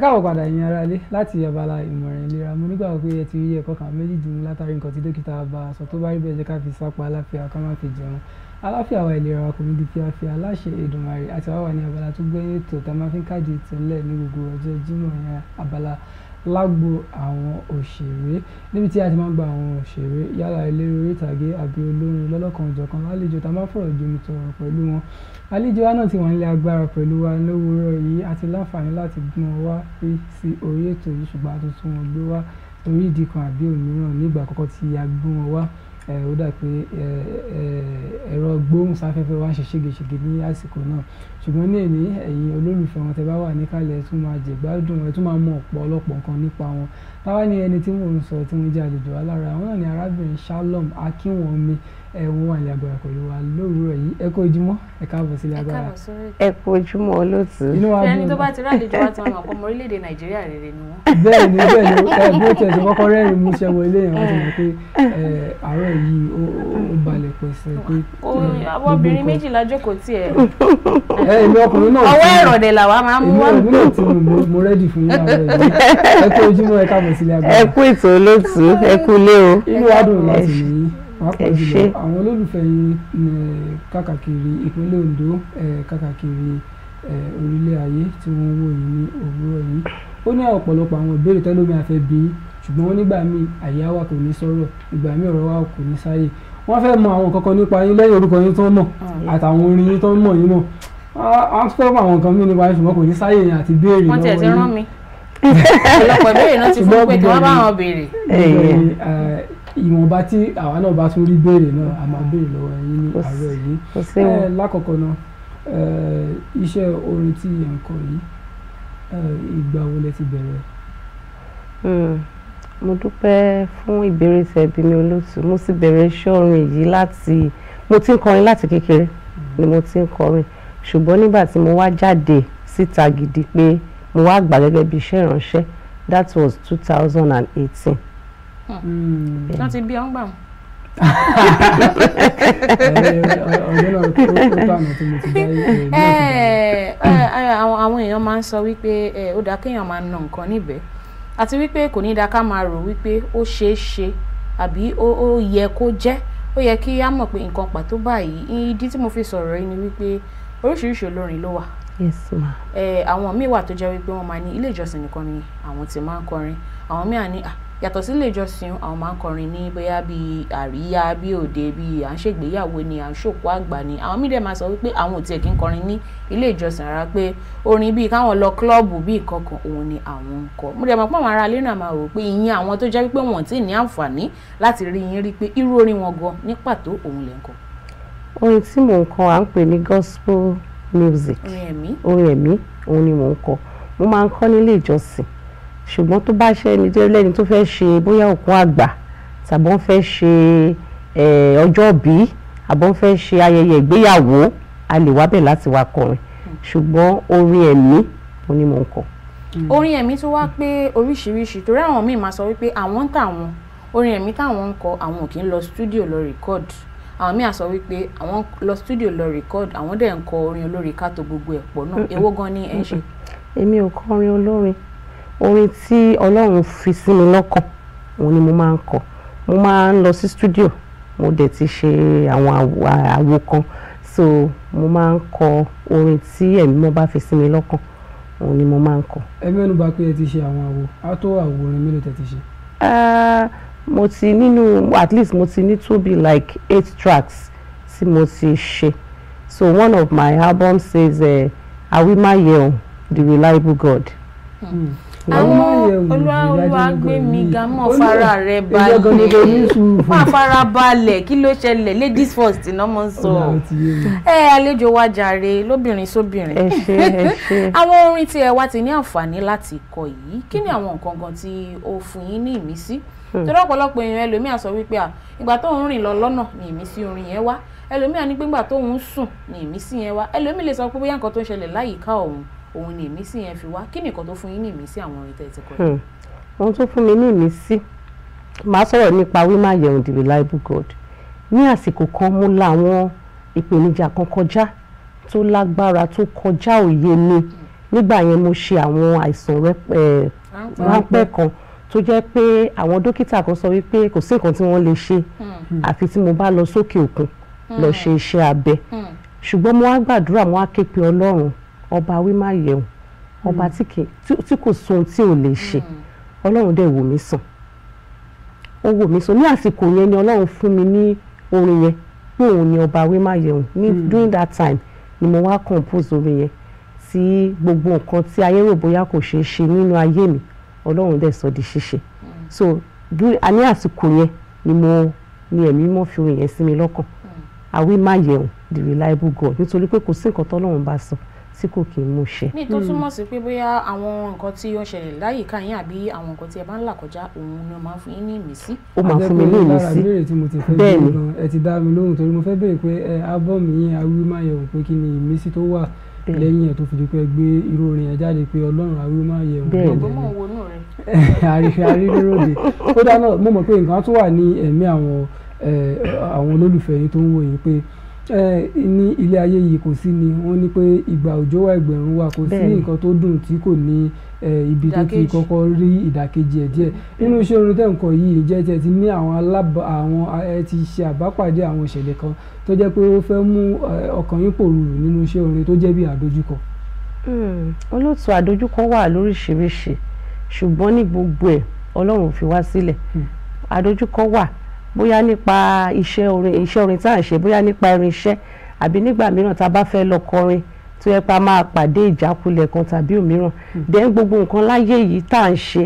káàbọ̀ padà yín ara lé láti abala ìmọ̀ràn ìlera mo nígbà pé ẹ ti rí ẹ̀kọ́ kan méjì dùn látàrí nǹkan tí dókítà bá a sọ tó bá rí bẹ́ẹ̀ jẹ́ ká fi sápá aláfíà ká má fi jẹun aláfíà wa ìlera wa kò ní di fíafíà aláṣẹ Èdùmàrè àti àwa wà ní abala tó gbé ètò tá a máa fi ń káàdì ìtẹ́lẹ̀ ní gbogbo ọjọ́ Jímọ̀ yẹn abala lágbo àwọn òṣèré níbi tí a ti máa ń gba àwọn òṣèré yálà eléré orí ìtàgé àbí olórin lọ́lọ́kanòjọ̀kan lálejò tá a máa fọ̀rọ̀ jomi tọrọ pẹ̀lú wọn. Àlejò wa náà ti wà nílé agbára pẹ̀lú wa lówùúrọ̀ yìí a ti láǹfààní láti gbọ́n wọn wá rí sí orí ètò yìí ṣùgbọ́n a tún tún wọn gbé wá torí ìdí kan àbí òmíràn nígbà àkọ́kọ́ tí a gbé wọn wá ó dà pé ẹ̀rọ gbóhùnsáfẹ́fẹ́ wa ṣe ségesège ní àsìkò náà ṣùgbọ́n ní èní ẹ̀yin olólùfẹ́ wọn tẹ́ bá wà níkàlẹ̀ ẹ tún máa jẹ̀gbádùn ẹ tún máa mọ ọ̀pọ̀lọpọ̀ nǹkan nípa wọn táwa ní ẹni tí mò ń sọ tí mo jẹ́ àlejò wa àwọn náà ni arábìnrin Shalom Akínwọ̀nmi ẹ wọ́n wà ní agbára pẹ̀lú wa lówùúrọ̀ yìí ẹ kú ojúmọ́ ẹ káàbọ̀ sílé agbára ẹ kú ojúmọ́ olóòtú. inú wa bí ẹni tó bá ti rálejò wá tán ọ̀pọ̀ ọmọ orílẹ̀-èdè nàìjíríà rere ni wọ́n. bẹ́ẹ̀ ni bẹ́ẹ̀ ni ẹ bí ó tiẹ̀ ti kọ́kọ́ rẹ́rìn mú ṣe wọ ilé yẹn wọ́n ti mọ̀ pé àárọ̀ yìí ó balẹ̀ pẹ̀sẹ̀ pé. ọwọ́ ìrọ̀lẹ́ làwa máa ń wá. èmi mo rẹ́dì fún yín àárọ̀ yìí ẹ kú ojúmọ́ ẹ káàbọ̀ sílé agbára. ẹ kú ètò olóòtú ẹ kú ilé o. inú wa dùn láti ní pàápàá jùlọ àwọn olólùfẹ́ yín ní káàkiri ìpínlẹ̀ Ondo káàkiri orílẹ̀ ayé tí wọ́n ń wò yín ní òwúrọ̀ yìí ó ní ọ̀pọ̀lọpọ̀ àwọn ìbéèrè tẹ́lómi àfẹ́ bí ṣùgbọ́n wọ́n nígbà míì àyà wa kò ní sọ̀rọ̀ ìgbà míì ọ̀rọ̀ wa kò ní sáyè wọ́n fẹ́ mọ àwọn kankan nípa yín lẹ́yìn orúkọ yín tán mọ̀ ah. àtàwọn orin yín tán mọ̀ yín mọ̀ wọ́n fẹ́ mọ àwọn kan mí nípa yín ṣùgbọ́n kò ní sáyè yẹn àti béèrè lọ́wọ́ yín. wọ́n tiẹ̀ ti rán mi ọ̀pọ̀lọpọ̀ béèrè náà ti fún pé kí wọ́n bá wọn ìwọ̀nba tí àwa náà bá tún rí béèrè náà a máa béèrè lọ́wọ́ ẹ̀yin ní àárọ̀ yìí eh, lákọ̀ọ́kọ́ náà eh, iṣẹ́ orin tí ẹ̀ ń kọ yìí eh, ìgbà wo lẹ ti bẹ̀rẹ̀. Hmm, mo dúpẹ́ fún ìbéèrè tẹ̀bí mi olóòtú mo ti bẹ̀rẹ̀ iṣẹ́ orin yìí láti mo ti ń kọrin láti kékeré ni mo ti ń kọrin ṣùgbọ́n nígbà tí mo wá jáde síta gidi pé mo wá gbà gẹ́gẹ́ bí iṣẹ́ ìránṣẹ́ that was two thousand and eighteen wọ́n hmm. ti bí ọ́n gbà àwọn èèyàn máa ń sọ wípé ó dáa kéèyàn máa nà nǹkan níbẹ̀ àti wípé kò ní dáa ká máa rò wípé ó ṣeé ṣe àbí ó yẹ kó jẹ́ ó yẹ kí á mọ̀ pé nǹkan pàtó báyìí ìdí tí mo fi sọ̀rọ̀ yìí ni wípé oríṣiríṣi olórin ló wà àwọn míì wà tó jẹ́ wípé wọ́n máa ní ilé ìjọsìn nìkan ni àwọn ti máa ń kọrin àwọn míì à ní yàtọ̀ sílé ìjọsìn àwọn máa ń kọrin ní bóyá bíi àríyá bíi òde bíi à ń ṣègbéyàwó ni à ń ṣòkú àgbà ni àwọn míì dẹ̀ máa sọ wípé àwọn ò tiẹ̀ kí ń kọrin ní ilé ìjọsìn rárá pé orin bíi káwọn lọ kílọ̀bù bíi kankan òun ni àwọn ń kọ mo dẹ̀ mọ̀ àwọn ará ilé náà rò pé ìyẹn àwọn tó jẹ́ wípé wọ́n ti ní àǹfààní láti rí yín rí pé irú orin wọn gan ní pàtó òun lẹ̀ kọ. orin tí mò ń kọ à ń pè ní gospel music orin ẹ̀mí orin ẹ̀mí òun ni mò ń kọ mo máa ń kọ nílé ìjọsìn ṣùgbọ́n tó bá ṣe ẹni tó lẹ́ni tó fẹ́ ṣe bóyá òkú àgbà tàbọ́n fẹ́ ṣe ọjọ́ bí àbọ́n fẹ́ ṣe ayẹyẹ ìgbéyàwó a lè wábẹ̀ láti wá kọrin ṣùgbọ́n orin ẹ̀mí ni mò ń kọ. Hmm. orin ẹ̀mí tó wá pé oríṣiríṣi torí àwọn míì máa sọ wípé àwọn ń tà wọn orin ẹ̀mí táwọn ń kọ àwọn ò kí ń lọ stúdíò lọ rìkọ́dù àwọn míì á sọ wípé àwọn lọ stúdíò lọ rìkọ́dù àwọn dẹ̀ ń kọ orin olórin ká tó gbogbo ẹ̀ pọ̀ náà èwo gan ni ẹ ń ṣe. èmi ò kọ olórin orin tí ọlọ́run fi sí mi lọ́kàn òun ni mo máa ń kọ mo máa ń lọ sí studio mo dẹ̀ ti ṣe àwọn àwo kan so mo máa ń kọ orin tí ẹ̀mí mọ́ bá fi sí mi lọ́kàn òun ni mo máa ń kọ. ẹ mẹ́nu bà pé ẹ ti ṣe àwọn àwo á tó àwo orin mélòó tẹ ti ṣe. Ah, mo ti nínú at least mo ti ní to be like eight tracks tí mo ti ṣe so one of my albums says uh, awimayeun the reliable god. Mm àwọn olúwa gbé mi ga mọ́ fara rẹ balẹ̀ má fara balẹ̀ kí ló ṣẹlẹ̀ ladies first iná mọ́ ń sọ ẹ àlejò wa jàre lóbìnrin sóbìnrin àwọn orin tí ẹ wá ti ní àǹfààní láti kọ yìí kí ni àwọn nǹkan kan tí ó fún yín ní ìmísí hmm. torí ọ̀pọ̀lọpọ̀ èèyàn ẹlòmíà sọ wípé à ìgbà tó ń rìn lọ lọ́nà ni ìmísí orin yẹn wá ẹlòmíà ní pé ìgbà tó ń sùn ni ìmísí yẹn wá ẹlòmíà lè sọ pé bóyá nǹkan tó ń ṣẹlẹ̀ láyìíká òun òun ni ìmísí yẹn fi wá kí nìkan tó fún yín ní ìmísí àwọn orin tẹ́ ẹ ti kọ yìí. Hmm. ohun tó fún mi ní ìmísí màá sọ̀rọ̀ nípa we ma yeun the reliable God ní àsìkò kan mo la àwọn ìpèníjà kan kọjá tó lágbára tó kọjá òye mi nígbà yẹn mo ṣe àwọn àìsàn eh, ráńpẹ́ kan tó jẹ́ pé àwọn dókítà kan sọ wípé kò sí nǹkan tí wọ́n lè ṣe hmm. àfi tí mo bá lọ sókè òkun lọ hmm. ṣe iṣẹ́ abẹ ṣùgbọ́n mo wá gbàdúrà mo wá ké Ọlọ́run ọba wímáyẹ̀wò ọba mm. tí kò sun ohun tí ò lè ṣe mm. ọlọ́run dẹ̀ wò mí sàn ó wò mí sàn ní àsìkò yẹn ni ọlọ́run fún mi ní orin yẹn pé òun ni ọba wímáyẹ̀wò ní mm. during that time ni mo wá compose orin yẹn tí gbogbo nǹkan tí ayé rò bóyá kò ṣeé ṣe nínú ayé mi ọlọ́run dẹ̀ sọ di ṣíṣe so ní àsìkò yẹn ni mo ni ẹ̀mí mọ́ fi orin yẹn sí mi lọ́kàn àwí máyẹ̀wò the reliable God nítorí pé kò sí nǹkan tọ́lọ́run bá sọ. So tí kò kí ń mú ṣe. ní tó túmọ̀ hmm. sí pé bóyá àwọn nǹkan tí ó ṣẹlẹ̀ láyìíká yín àbí àwọn nǹkan tí ẹ bá ń là kọjá òun ni ó máa fún yín ní ìmísí. ó máa fún mi ní ìmísí bẹ́ẹ̀ ni ẹ ti dá mi lóhùn torí mo fẹ́ béèrè pé ẹ ábọ́ọ̀mù yín awímáyẹ̀wò pé kí ni ìmísí tó wà lẹ́yìn ẹ̀ tó fi di gbé irú orin ẹ̀ jáde pé ọlọ́run awímáyẹ̀wò bẹ́ẹ̀ ni aríròde mọ̀ pé nǹkan ní ilé ayé yìí kò sí ni wọ́n ní pé ìgbà òjò wá ẹgbẹ̀rún wa kò sí nǹkan tó dùn tí kò ní ibi tó ti kọ́kọ́ rí ìdàkejì ẹ̀ díẹ̀ nínú iṣẹ́ orin tẹ̀ ń kọ yìí jẹ́ tẹ̀ ti ní àwọn alábà àwọn ẹ ti ṣe àbápàdé àwọn ìṣẹ̀lẹ̀ kan tó jẹ́ pé ó fẹ́ mú ọkàn yín pòrúurú nínú iṣẹ́ orin tó jẹ́ bí àdójúkọ. Hmm, olóòtú àdójúkọ wà lóríṣiríṣi ṣùgbọ́n ní gbogbo ẹ̀ ọlọ́run fi wá sílẹ̀ hmm. àdójúkọ wà bóyá nípa iṣẹ́ orin iṣẹ́ orin tá à ń ṣe bóyá nípa irinṣẹ́ àbí nígbà mìíràn tá a bá fẹ́ lọ kọrin tó yẹ pa máa pàdé ìjákulẹ̀ kan tàbí òmíràn dẹ́n hmm. gbogbo nǹkan láyé yìí tá à ń ṣe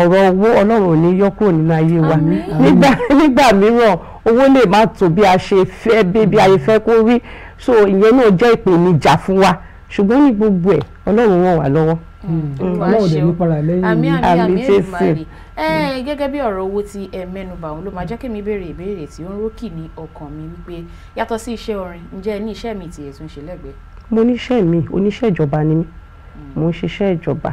ọ̀rọ̀ owó ọlọ́run ò ní yọ kúrò nínú ayé wa nígbà mìíràn owó lè má tó bí a ṣe fẹ́ bí bí a ṣe fẹ́ kó rí so ìyẹn náà jẹ́ ìpèníjà fún wa ṣùgbọ́n ní gbogbo ẹ̀ ọlọ́run ràn wá lọ́wọ́. Hmm. Hmm. ọlọ́run ò dẹ̀ ní para Hmm. gẹ́gẹ́ bí ọ̀rọ̀ owó tí ẹ mẹ́nubà òun ló máa jẹ́ kí mi béèrè ìbéèrè tí ó ń rókì ní ọkàn mi wípé yàtọ̀ sí iṣẹ́ orin ǹjẹ́ ní iṣẹ́ mi tí ẹ ṣe lẹ́gbẹ̀ẹ́. mo níṣẹ́ mi oníṣẹ́ ìjọba ni mí hmm. mo ń ṣiṣẹ́ ìjọba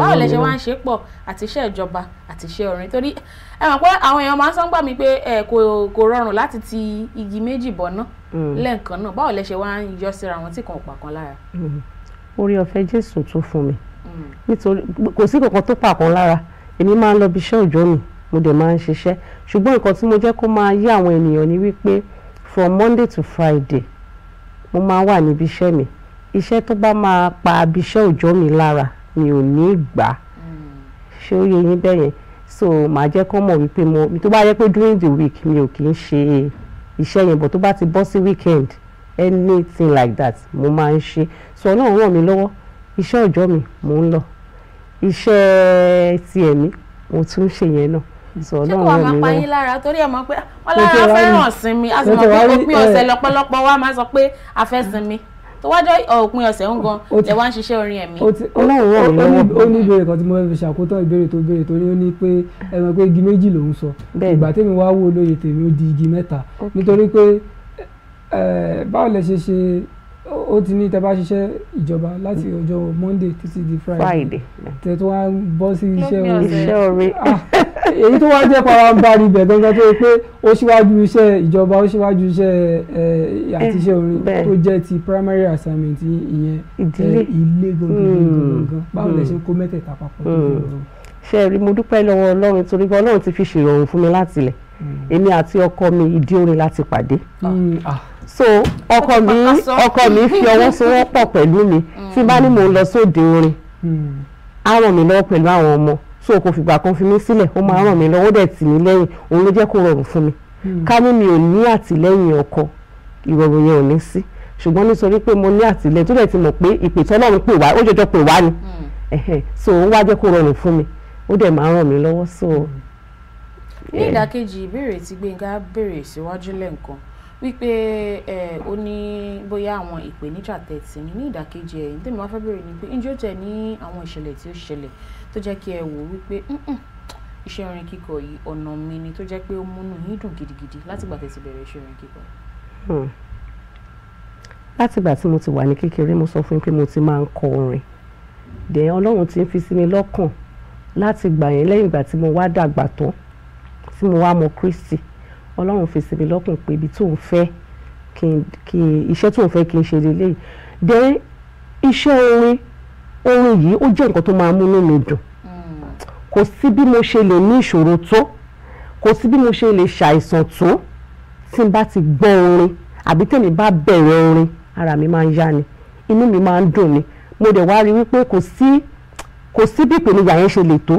báwo lẹ ṣe wá ń ṣe pọ̀ àti iṣẹ́ ìjọba àti iṣẹ́ orin torí ẹ mọ̀ pé àwọn èèyàn máa ń sọ́ngbà mi pé ẹ kò rọrùn láti ti igi méjì bọ̀ ná hmm. lẹ́ǹkan náà báwo lẹ ṣe wá ń yọ síra wọn tí kan ò pàkan lára. orí ọ̀fẹ́ Jésù tún fún mi nítorí kò sí kankan tó pàkan lára èmi máa ń lọ bí iṣẹ́ òjọ́ mi mo dẹ̀ máa ń ṣiṣẹ́ ṣùgbọ́n nǹkan tí mo jẹ́ kó máa yé àwọn ènìyàn ni wípé from Monday to Friday mo máa wà níbi iṣẹ́ mi iṣẹ́ tó bá máa pa ibi iṣẹ́ òjọ́ mi lára mi ò ní gbà ṣé ó yẹ yín bẹ́yẹn so màá jẹ́ kó mọ̀ wípé mo tó bá yẹ pé during the week mi ò kì í ṣe iṣẹ́ yẹn bọ̀ tó bá ti bọ́ sí weekend anything like that mo máa ń ṣe so ọlọ́run ràn mí lọ́wọ́ iṣẹ́ ọjọ́ mi mò ń lọ iṣẹ́ ti ẹ̀mí mo tún ń ṣe yẹn náà sọ ọlọ́run rẹ̀ mi lọ́wọ́. ṣé kò wá máa pa yín lára torí ẹ̀ mọ̀ pé wọ́n lára fẹ́ràn sinmi a sì mọ̀ pé òpin ọ̀sẹ̀ eh. lọ́pọ̀lọpọ̀ wa òpin ọ̀sẹ̀ ń gan lẹ ń ṣiṣẹ́ orin ẹ̀mí. mi lọ́wọ́. ó ní ìbéèrè kan tí mo fi ṣàkótọ́ ìbéèrè tó béèrè torí ó ní pé ẹ mọ̀ pé igi méjì lòún sọ ìgbà tèmi wá wò lóye tèmi ó di igi mẹ́ta nítorí pé eh, báwo lẹ ṣe ṣe ó ti ní tẹ́bá ṣiṣẹ́ ìjọba láti mm. ọjọ́ monday títí di friday tẹ́ tó wá bọ́ sí iṣẹ́ oore ah, èyí tó wá jẹ́ parambari bẹ̀ gangan tó yẹ pé ó ṣíwájú iṣẹ́ ìjọba ó ṣíwájú iṣẹ́ eh, àti iṣẹ́ orin tó jẹ́ ti primary assignment ìyẹn eh, ilé hmm. gangan báwo lẹ ṣe kó hmm. mẹ́tẹ̀ẹ̀ta papọ̀ tó hmm. fi rọrùn. ṣe rí mo dúpẹ́ lọ́wọ́ ọlọ́run torí pé ọlọ́run ti fi ṣèrọ̀rùn fún mi láti ilẹ̀ èmi àti ọkọ mi ìdí orin láti pàdé. Ah so ọkọ mi ọkọ mi fi ọwọ́ sowọ́pọ̀ pẹ̀lú mi tí bá ní mò ń lọ sóde orin hmm. á ràn mí lọ́wọ́ pẹ̀lú àwọn ọmọ so kò fìgbà kan fi mí sílẹ̀ ó máa ràn mí lọ́wọ́ dẹ̀ tì mí lẹ́yìn òun ló jẹ́ kó rọrùn fún mi hmm. ká ní mi ò ní àtìlẹ́yìn ọkọ ìrọ̀rùn yẹn ò ní sí ṣùgbọ́n nítorí pé mo ní àtìlẹ́yìn tó dẹ̀ ti mọ̀ pé ìpè tọ́lọ́run pè wá ó jọjọ pè wá ni hmm. so ó wá jẹ́ kó rọrùn fún mi ó dẹ̀ máa ràn mí lọ́wọ́ so. ní ìdàkejì ìbéèrè tí Gbénga béèrè síwájú lẹ́ǹkan wípé ẹ ó ní bóyá àwọn ìpèníjà tẹ̀sí ni ní ìdàkejì ẹ̀ nítorí wọn fẹ́ bèrè ni pé ǹjẹ́ ó tẹ̀ ní àwọn ìṣẹ̀lẹ̀ tí ó ṣẹlẹ̀ tó jẹ́ kí ẹ wò wípé iṣẹ́ orin kíkọ yìí ọ̀nà mi ni tó jẹ́ pé ó múnú yín dùn gidigidi látìgbà tẹ̀sí bẹ̀rẹ̀ iṣẹ́ orin kíkọ. Hmm. látìgbà tí mo ti wà ní kékeré mo sọ fún yín pé mo ti máa ń kọ orin dẹ̀ ọlọ́run ti ń fi sí mi lọ́kàn láti gbà yẹn lẹ́yìn ìgbà tí mo wá dàgbà tán tí mo wá mọ Kristi ọlọ́run fi sí mi lọ́kàn pé ibi tóun fẹ́ kí iṣẹ́ tóun fẹ́ kí n ṣe lélẹ́yìí then iṣẹ́ orin orin yìí ó jẹ́ nǹkan tó máa múnú mi dùn hmm. kò sí bí mo ṣe lè ní ìṣòro tó kò sí bí mo ṣe lè ṣàìsàn tó tí n bá ti gbọ́ orin àbí tèmi bá bẹ̀rẹ̀ orin ara mi máa ń yá ni inú mi máa ń dùn ni mo dẹ̀ wá rí wípé kò sí kò sí bí ìpèníjà yẹn ṣe lè tó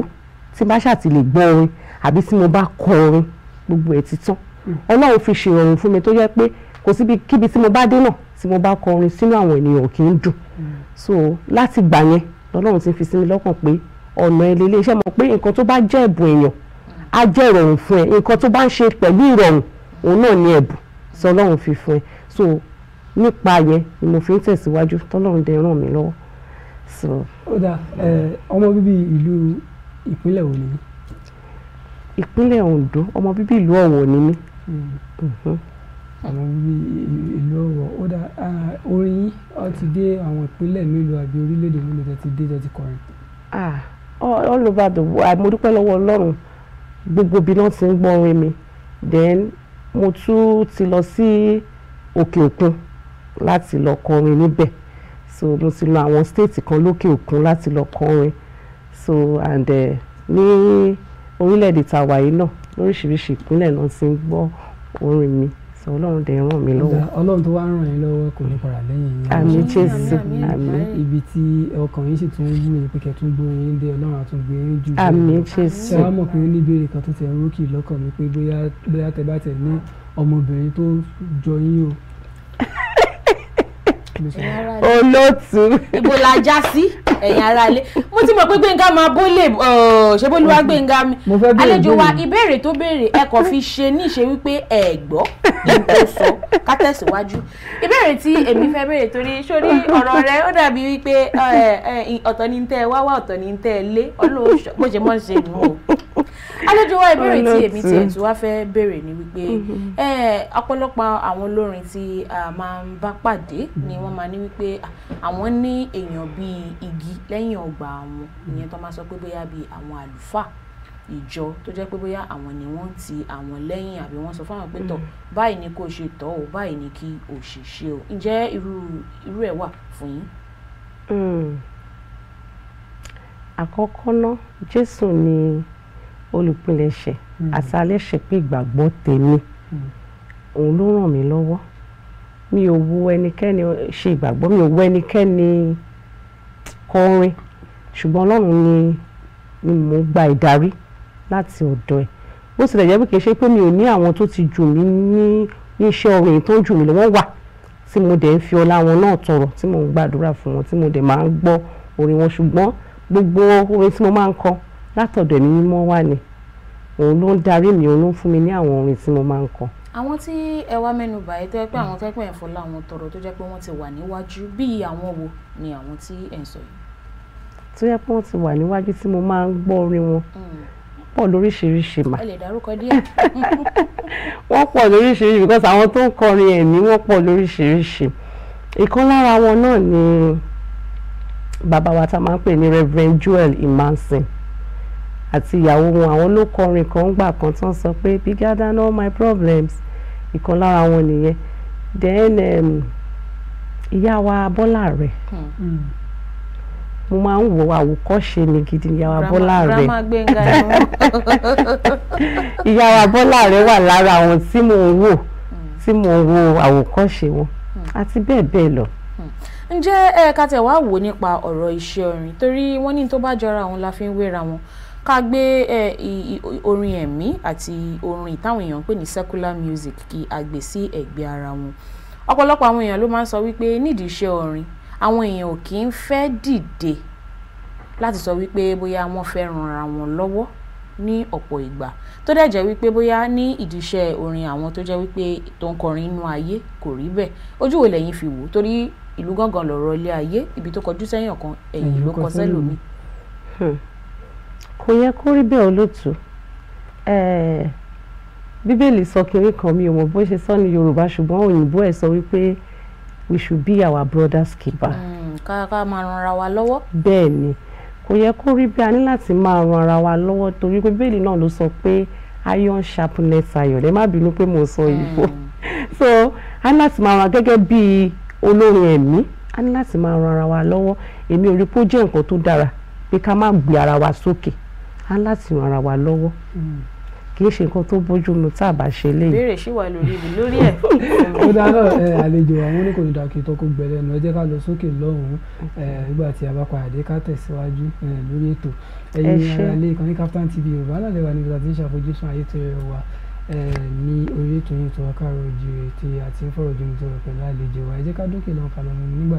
tí n bá ṣàtìlè gbọ́ orin àbí tí mo bá kọ orin gbogbo ẹ̀ ti tán ọlọ́run fi ṣe ìrọ̀rùn fún mi tó yẹ pé kò síbi kíbi tí mo bá dé náà tí mo bá kọ orin sínú àwọn ènìyàn kì í dùn so láti gbà yẹn lọ́lọ́run ti fi sí mi lọ́kàn pé ọ̀nà ilé iṣẹ́ mọ̀ pé nǹkan tó bá jẹ́ ẹ̀bùn èèyàn á jẹ́ ìrọ̀rùn fún ẹ nǹkan tó bá ń ṣe pẹ̀lú ìrọ̀rùn òun náà ni ẹ̀bùn tí ọlọ́run fi fún ẹ so nípa yẹn ni mo fi ń tẹ̀síwájú tọ́lọ́run dẹ ràn mí lọ́wọ́. ó dà ọmọ bíbí ìlú ìpínlẹ̀ Ọ̀wọ̀ ni mí. ìpínlẹ̀ Oǹdó ọmọ bíbí ìlú Ọ̀wọ̀ ni mí. Òótọ́, mm-hmm. àwọn ìlú ọ̀wọ̀. Ó dá, orin yín, ó ti dé àwọn ìpínlẹ̀ mélòó àbí orílẹ̀-èdè mélòó tí ẹ ti dé tí ẹ ti kọrin? Ah, all over the world. Mo dúpẹ́ lọ́wọ́ Ọlọ́run. Gbogbo ibi náà ti ń gbọ́ orin mi. Then mo tún ti lọ sí òkè òkun láti lọ kọrin níbẹ̀. So mo ti lọ àwọn state kan lókè òkun láti lọ kọrin. So and eh, ní orílẹ̀-èdè tàwà yìí náà lóríṣiríṣi ìpínlẹ̀ náà ti ń gbọ́ orin mi sọ ọlọ́run dẹ̀ ràn mí lọ́wọ́. ọlọ́run tó wá ràn yín lọ́wọ́ kò ní padà lẹ́yìn yín. àmín jésù àmín. ibi tí ọkàn yín sì tún wú ni pé kẹtún gbó yín dé ọlọ́run àtún gbé yín jù. àmín jésù. ṣé wàá mọ̀ pé ó ní ìbéèrè kan tó tẹ̀ ń rókì lọ́kàn mi pé bóyá bóyá tẹ bá tẹ̀ ní ọmọbìnrin tó jọ yín o olóòtú. ibo la já sí ẹ̀yin aráalé mo ti mọ̀ pé gbẹ̀ngà máa bólè ṣé bólúwa gbẹ̀ngà mi àlejò wa ìbéèrè tó béèrè ẹ kàn fi ṣe ní ìṣe wípé ẹ gbọ́ ẹ sọ ká tẹ̀síwájú ìbéèrè tí èmi fẹ́ béèrè torí sórí ọ̀rọ̀ rẹ ó dàbí wípé ọ̀tọ̀ ni tẹ́ ẹ wá wá ọ̀tọ̀ ni tẹ́ ẹ lé bó ṣe mọ́ ṣe nù o àlejò wa ìbéèrè tí èmi ti. tí wá fẹ́ béèrè ni wípé ọ̀pọ̀lọpọ̀ àwọn olórin tí a máa ń bá pàdé ni w wọ́n máa ní wípé àwọn ní èèyàn bíi igi lẹ́yìn ọgbà àwọn ìyẹn tó máa sọ pé bóyá bíi àwọn àlùfáà ìjọ tó jẹ́ pé bóyá àwọn ni wọ́n ti àwọn lẹ́yìn àbí wọ́n sọ fáwọn pé tọ̀ báyìí ni kò ṣe tọ́ o báyìí ni kí o ṣe ṣe o ǹjẹ́ irú irú ẹ̀ wà fún yín. Hmm. àkọ́kọ́ ná Jésù ni olùpilẹ̀ṣẹ̀ hmm. àtàlẹ́ṣẹ̀ pé ìgbàgbọ́ tèmi hmm. òun ló ràn mí lọ́wọ́ mi ò wo ẹnikẹ́ni ṣe ìgbàgbọ́ mi ò wo ẹnikẹ́ni kọrin ṣùgbọ́n ọlọ́run ni ni mò ń gba ìdarí láti ọ̀dọ̀ ẹ̀ bó tilẹ̀ jẹ́ pé kì í ṣe pé mi ò ní àwọn tó ti jù mí ní ní iṣẹ́ orin yìí tó ń jù mí lọ wọ́n wà tí mo dẹ̀ ń fi ọlá wọn náà tọrọ tí mo ń gbàdúrà fún wọn tí mo dẹ̀ máa ń gbọ́ orin wọn ṣùgbọ́n gbogbo orin tí mo máa ń kọ látọ̀dọ̀ ẹ̀mí mímọ́ wà ní òun ló ń darí mi òun ló ń fún mi ní àwọn orin tí mo máa ń kọ àwọn tí ẹ wá mẹ́nu báyìí tó pé àwọn tẹ́pẹ́ ẹ̀fọ́ láwọn tọrọ tó jẹ́ pé wọ́n ti wà níwájú bíi àwọn wo ni àwọn tí ẹ̀ ń sọ yìí. tó yẹ pé wọ́n ti wà níwájú tí mo máa ń gbọ́ orin wọn hmm. pọ̀ lóríṣiríṣi mà. ẹ lè dárúkọ díẹ̀. wọ́n pọ̀ lóríṣiríṣi because àwọn tó ń kọrin ẹ̀mí wọ́n pọ̀ lóríṣiríṣi ìkan lára wọn náà ni bàbá wa ta máa ń pè ní Reverend Joel Imanson àti ìyàwó wọn àwọn ló kọrin kan gbà kan tán sọ pé bigger than all my problems ìkan lára wọn nìyẹn then um, ìyá wa bọ́lá rẹ̀ hmm. hmm. mo máa ń wo àwòkọ́ṣe ni gidi ìyá wa bọ́lá rẹ̀ ìyá wa bọ́lá rẹ̀ wà lára àwọn tí mo ń wò hmm. tí mo ń wo àwòkọ́ṣe wọn àti bẹ́ẹ̀ bẹ́ẹ̀ lọ ǹjẹ́ ẹ ká tẹ̀ wá wò nípa ọ̀rọ̀ iṣẹ́ orin torí wọ́n ní tó bá jọra àwọn la fi ń wéra wọn ká gbé orin ẹ̀mí àti orin táwọn èèyàn ń pè ní secular music kí a gbé sí ẹ̀gbẹ́ ara wọn ọ̀pọ̀lọpọ̀ àwọn èèyàn ló máa ń sọ wípé nídìí iṣẹ́ orin àwọn èèyàn ò kì í fẹ́ dìde láti sọ wípé bóyá wọ́n fẹ́ ranra wọn lọ́wọ́ ní ọ̀pọ̀ ìgbà tó dẹ̀ jẹ́ wípé bóyá ní ìdíṣẹ́ orin àwọn tó jẹ́ wípé tó ń kọrin inú ayé kò rí bẹ́ẹ̀ ojú wo lẹ́yìn fi wò torí ìlú gángan lọ̀rọ̀ ilé ayé ibi tó kọjú sẹ́yìn ọ̀kan ẹ̀yìn ló kọ sẹ́lòmíì. Hmm kò yẹ kó rí bẹ́ẹ̀ olóòtú bíbélì sọ kiri kan mi ò mọ̀ bó ṣe sọ ní yorùbá ṣùgbọ́n òyìnbó ẹ̀ sọ wípé we should be our brother's keeper. Hmm, ká máa ran ara wa lọ́wọ́. bẹ́ẹ̀ ni kò yẹ kó rí bí a ní láti máa ran ara wa lọ́wọ́ torí pé bíbélì náà ló sọ pé iron sharpness iron ẹ má bínú pé mo sọ òyìnbó hmm. so a ní láti máa ran gẹ́gẹ́ bí olórin ẹ̀mí a ní láti máa ran ara wa lọ́wọ́ èmi ò rí pé ó jẹ́ nǹkan tó dára pé ká má gbé ara wa sókè. So á láti ràn ara wa lọ́wọ́ hmm. kì í ṣe nǹkan tó bójú mu tá a bá ṣe léyìn. béèrè ṣì wà lórí ibi lórí ẹ. ó dáná àlejò àwọn oníkò ní dàkí tó gbẹlẹ nù ẹ ká lọ sókè lọ́hùnún nígbà tí a bá pàdé ká tẹ̀síwájú lórí ètò ẹ̀yin ara ilé ìkànnì Kaftan TV Yorùbá lálẹ́ wa ni tí a ti ń ṣàfojúsùn ayé tó yẹ wa ní orí ètò yìí tó wá káàró ojú ètò àti fọ̀rọ̀ ojú tó rọ̀ pẹ̀lú àlejò wa ẹ jẹ́ ká dókè lọ́hùn kalọ̀ nígbà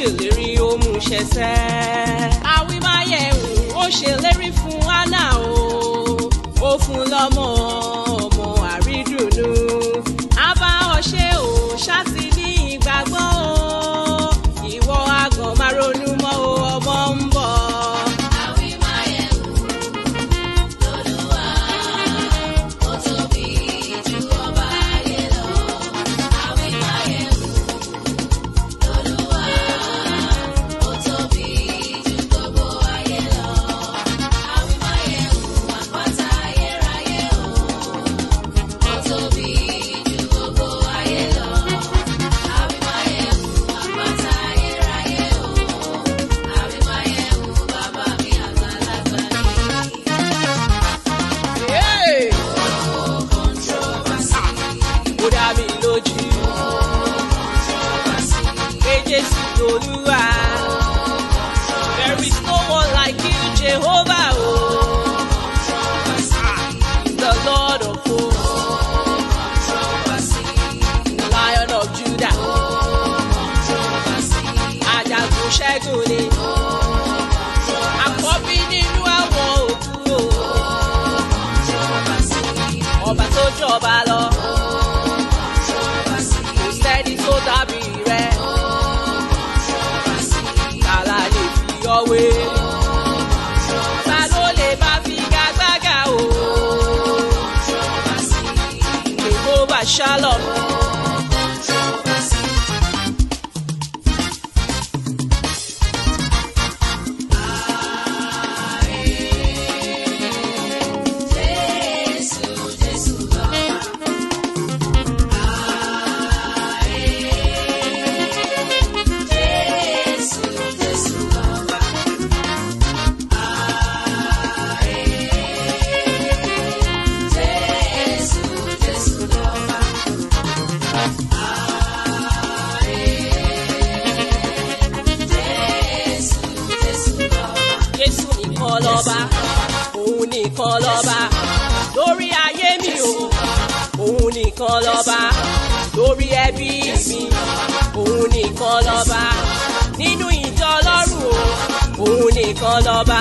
ṣèlérí ó mú ṣẹṣẹ. àwímáyẹ̀wò ó ṣèlérí fún hánà o ó fún lọ́mọ. jole ẹ̀sìn òun nìkan lọ́ba nínú ìjọ ọlọ́run òun nìkan lọ́ba.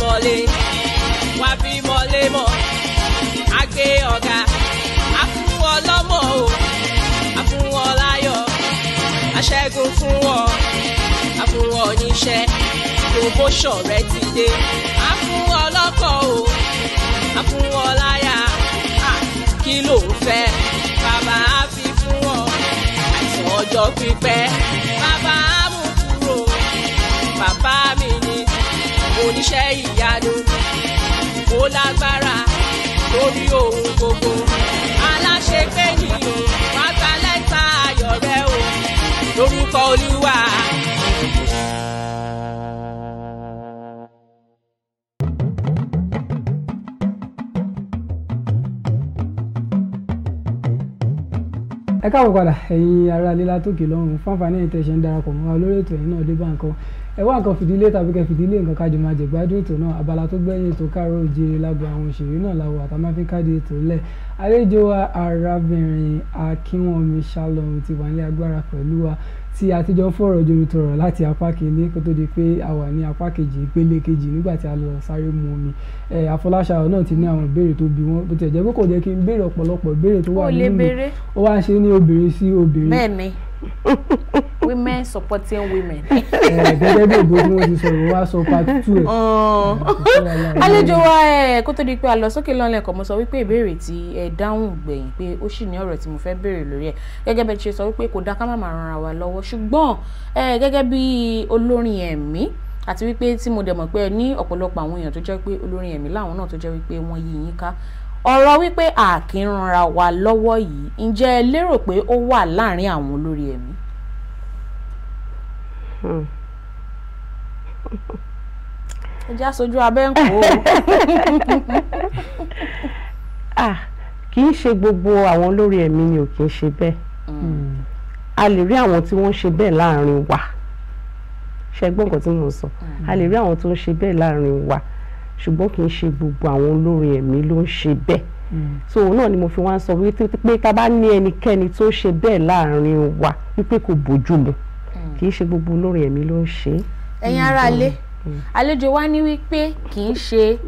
mọ́lé wá fi mọ́lé mọ́ á gbé ọ̀gá á fún ọ lọ́mọ o á fún ọ láyọ̀ á ṣẹ́gun fún ọ á fún ọ níṣẹ́ promotion rẹ ti dé á fún ọ lọ́kọ o á fún láyà kí ló ń fẹ́ bàbá á fi fún ọ àìsàn ọjọ́ pípẹ́ bàbá á mú kúrò bàbá á oníṣẹ́ ìyanu ó lágbára lórí ohun gbogbo aláṣepé ni o pátálẹ́tà ayọ̀ rẹ o lórúkọ olúwa. ẹ káàbọ̀ padà ẹ̀yin ará lílá tókè lọ́rùn fáfáà ní ń darapọ̀ mọ́ wa lórí ètò yìí náà dé bá nǹkan ẹ wá nǹkan fìdílé tàbí kẹ fìdílé nǹkan kájọ máa jẹ̀gbádùn ètò náà abala tó gbẹ̀yìn ètò Káàárọ̀ Oòjíire lágbo àwọn òṣèré náà làwọn àtàmáfín káàdì ètò lẹ̀ àlejò arábìnrin Akínwùmí Shalom ti wà ní agbára pẹ̀lú wa tí a ti jọ fọ̀rọ̀ jomitoro láti apá kìíní kó tó di pé a wà ní apá kejì ìpele kejì nígbà tí a lọ sáré mu omi ẹ Afọláṣayọ̀ náà ti ní àwọn ìbéèrè tó bí wọn bó tiẹ̀ jẹ́ pé kò jẹ́ kí n béèrè ọ̀pọ̀lọpọ̀ ìbéèrè tó wà nínú ó wá ń ṣe ní obìnrin sí obìnrin. bẹ́ẹ̀ni supporting women. Eh, gẹ́gẹ́ bí èdè ogun ti sọ̀rọ̀ wá sọ part two ẹ̀. Oh. àlejò wa eh, kó tó di pé a lọ́nà ẹ̀kọ́ mo sọ wípé ìbéèrè tí ẹ dáhùn gbẹ̀yìn pé ó sì ní ọ̀rọ̀ tí mo fẹ́ béèrè lórí ẹ̀ gẹ́gẹ́ bẹ́ẹ̀ ṣe sọ wípé kò dá ká má máa ran ara wa lọ́wọ́ ṣùgbọ́n eh, gẹ́gẹ́ bí olórin ẹ̀mí àti wípé tí mo dẹ̀ mọ̀ pé ẹ ní ọ̀pọ̀lọpọ̀ àwọn èèyàn tó jẹ́ pé olórin ẹ̀mí ọ̀rọ̀ wípé a kì wa lọ́wọ́ yìí ǹjẹ́ ẹ lérò pé ó wà láàrin àwọn olórí ẹ̀mí? ẹ já sojú abẹ́ ń kó o. Ah, kì í ṣe gbogbo àwọn olórí ẹ̀mí ni ò kì í ṣe bẹ́ẹ̀ mm. a lè rí àwọn tí wọ́n ṣe bẹ́ẹ̀ láàrin wa ṣe gbọ́ nǹkan tí mo sọ a lè mm. rí àwọn tó ń ṣe bẹ́ẹ̀ láàrin wa ṣùgbọ́n kì í ṣe gbogbo àwọn olórin ẹ̀mí ló ń ṣe bẹ́ẹ̀ mm. so òun náà ni mo fi wá ń sọ wípé pé tá a bá ní ẹnikẹ́ni tó ṣe bẹ́ẹ̀ láàrin wa wípé kò bójú mu kì í ṣe gbogbo olórin ẹ̀mí ló ń ṣe ẹ̀yin ará ilé Mm. àlejò wa ní wípé kì í ṣe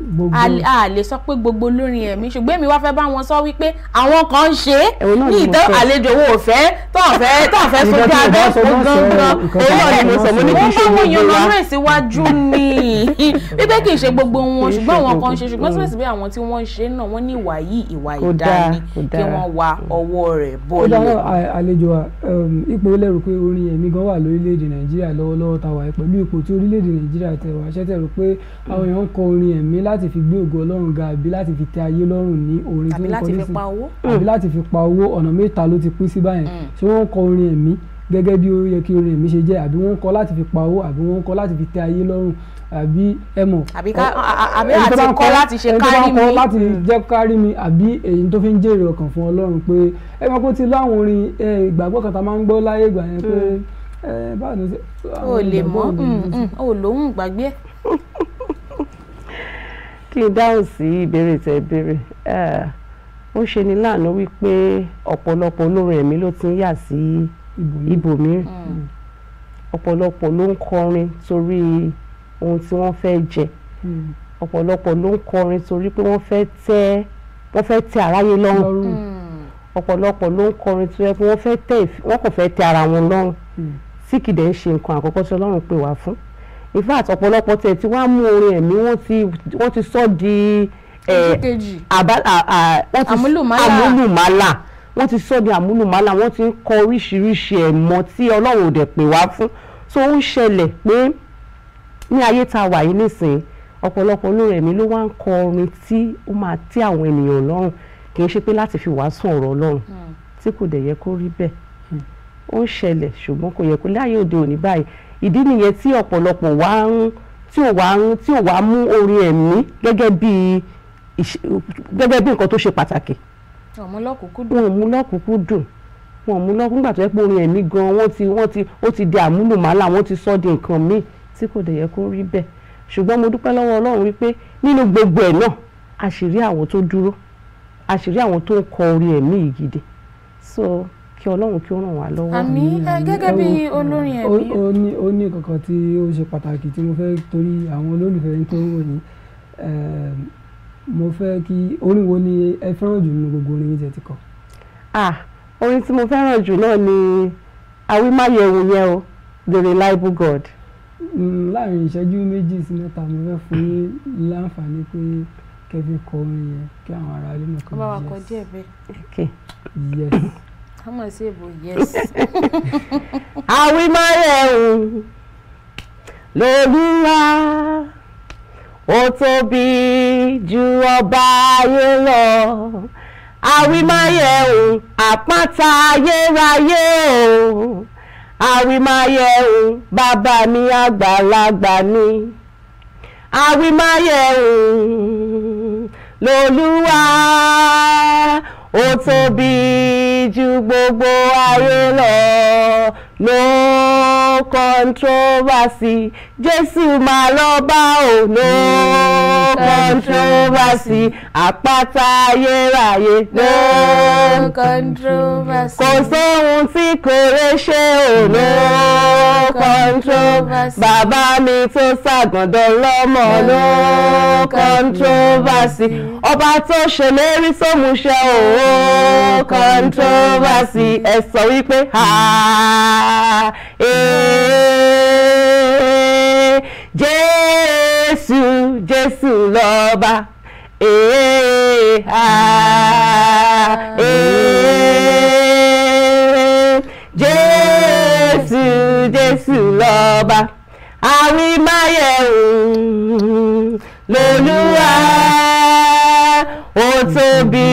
a lè sọ pé gbogbo lórin ẹ̀mí ṣùgbọ́n èmi wá fẹ́ bá wọn sọ wípé àwọn kan ń ṣe ní ìtàn àlejò wo fẹ́ tọ̀fẹ́ tọ̀fẹ́ sójú abẹ́ gangan èyí ọ̀nà mo sọ mo ní kì í ṣe gbogbo wa. wọ́n bá wọn yan lọ́rùn ìsíwájú ni wípé kì í ṣe gbogbo wọn ṣùgbọ́n àwọn kan ń ṣe ṣùgbọ́n síbẹ̀síbẹ̀ àwọn tí wọ́n ń ṣe náà wọ́n ní ìwà yìí ìwà ìdání kí wọ́n wa ọwọ́ rẹ̀ bọ́ọ̀lù. ó dáná àlejò wa um, ipò lẹ́rù pé orin ẹ̀mí gan wà lórílẹ̀‐èdè nàìjíríà lọ́wọ́lọ́wọ́ ta wà pẹ̀lú ipò tí tẹ̀ wá ṣé tẹ̀ rò pé àwọn èèyàn ń kọ orin ẹ̀mí láti fi gbé ògo ọlọ́run ga àbí láti fi tẹ ayé lọ́rùn ní orin tí wọ́n kọ nísìnyí àbí láti fi pa owó ọ̀nà mẹ́ta ló ti pín sí báyẹn mm. ṣé wọ́n ń kọ orin ẹ̀mí gẹ́gẹ́ bí ó yẹ kí orin ẹ̀mí ṣe jẹ́ àbí wọ́n ń kọ láti fi pa owó àbí wọ́n ń kọ láti fi tẹ ayé lọ́rùn àbí ẹ mọ̀ àbí àti kọ́ láti ṣe kárí mi ẹni tó bá ń láti jẹ́ kárí mi àbí a máa ń ẹ báwo ni o lè mọ mm, o mm, lòún gbàgbé ẹ. kí n dáhùn sí ìbéèrè tẹ ìbéèrè ó ṣe ni láàánú wípé ọ̀pọ̀lọpọ̀ olórin ẹ̀mí ló ti ń yà sí ibòmíràn mm. ọ̀pọ̀lọpọ̀ ló ń kọrin torí ohun tí wọ́n fẹ́ jẹ ọ̀pọ̀lọpọ̀ ló ń kọrin torí pé wọ́n fẹ́ tẹ́ wọ́n fẹ́ tẹ́ aráyé lọ́rùn ọ̀pọ̀lọpọ̀ ló ń kọrin tó pé wọ́n fẹ́ tẹ́ wọ́n kò fẹ́ tẹ́ ara wọn lọ́rùn tí kì í dẹ̀ ń ṣe nǹkan àkọ́kọ́ tí ọlọ́run pè wá fún in fact ọ̀pọ̀lọpọ̀ tẹ̀ tí wọ́n á mú orin ẹ̀mí wọ́n ti sọ di àmúlùmálà wọ́n ti sọ di àmúlùmálà wọ́n ti ń kọ oríṣiríṣi ẹ̀mọ́ tí ọlọ́run ò dẹ̀ pè wá fún tó ń ṣẹlẹ̀ pé ní ayé tá a wà yìí nísìnyí ọ̀pọ̀lọpọ̀ olórin ẹ̀mí ló wá ń kọ orin tí ó máa tí àwọn ènìyàn lọ́rùn kì í ṣe pé láti fi wàásù ọ̀rọ̀ ọlọ́run hmm. tí kò dẹ̀ yẹ kó rí bẹ́ẹ̀ ó ṣẹlẹ̀ ṣùgbọ́n kò yẹ kó láyé òde òní báyìí ìdí nìyẹn tí ọ̀pọ̀lọpọ̀ wá ń tí ò wá ń tí ò wá mú orin ẹ̀mí gẹ́gẹ́ bí gẹ́gẹ́ bí nǹkan tó ṣe pàtàkì. wọn mú lọ́kùnkúndùn wọn mú lọ́kùnkúndùn nígbà tó yẹ pé orin ẹ̀mí gan wọ́n ti wọ́n ti ó ti di àmúlùmálà wọ́n ti sọ di nǹkan míì tí kò dẹ̀ yẹ kó rí bẹ́ẹ̀ ṣùgbọ́n mo dúpẹ́ lọ́wọ́ Ọlọ́run wípé nínú gbogbo ẹ̀ náà àṣírí àwọn tó dúró àṣírí àwọn tó ń kọ orin ẹ̀mí yìí gidi so kí ọlọ́run kí ó ràn wá lọ́wọ́. àmín gẹ́gẹ́ bí olórin ẹ̀mí. ó ní ó ní kankan tí ó ṣe pàtàkì tí mo fẹ́ torí àwọn olólùfẹ́ ń wò ní mo fẹ́ kí orin wo ni ẹ fẹ́ràn jù nínú gbogbo orin yín ti kọ. ah orin tí mo fẹ́ràn jù náà ni awímáyẹ̀wò yẹn o the reliable god. Mm, láàrin ìṣẹ́jú méjì sí mẹ́ta mo fẹ́ fún yín láǹfààní pé kẹ́bí kọ orin yẹn kí àwọn ará ilé mọ̀ kọ́ bí yẹn. ọba wa kọ díẹ̀ bẹ́ẹ̀. yes. Kama sebo, yes. Àwímáyẹ̀hùn lolúwa ó tóbi ju ọba ayé lọ. Àwímáyẹ̀hùn àpáta ayérayé o. Àwímáyẹ̀hùn baba mi àgbàlagbà ni. Àwímáyẹ̀hùn lolúwa ó tóbi ju gbogbo ayé lọ no controversy Jésù máa lọ bá òun no controversy àpáta ayérayé no controversy kò sóhun tí kò lè ṣe òun no controversy bàbá mi tó ṣàgàndàn lọ́mọ no controversy ọba tó ṣèlérí tó múṣẹ òun controversy ẹ sọ wípé ha ee jésù jésù lọ́ba ee ah ee jésù jésù lọ́ba àwímáyé lolúwa ó tóbi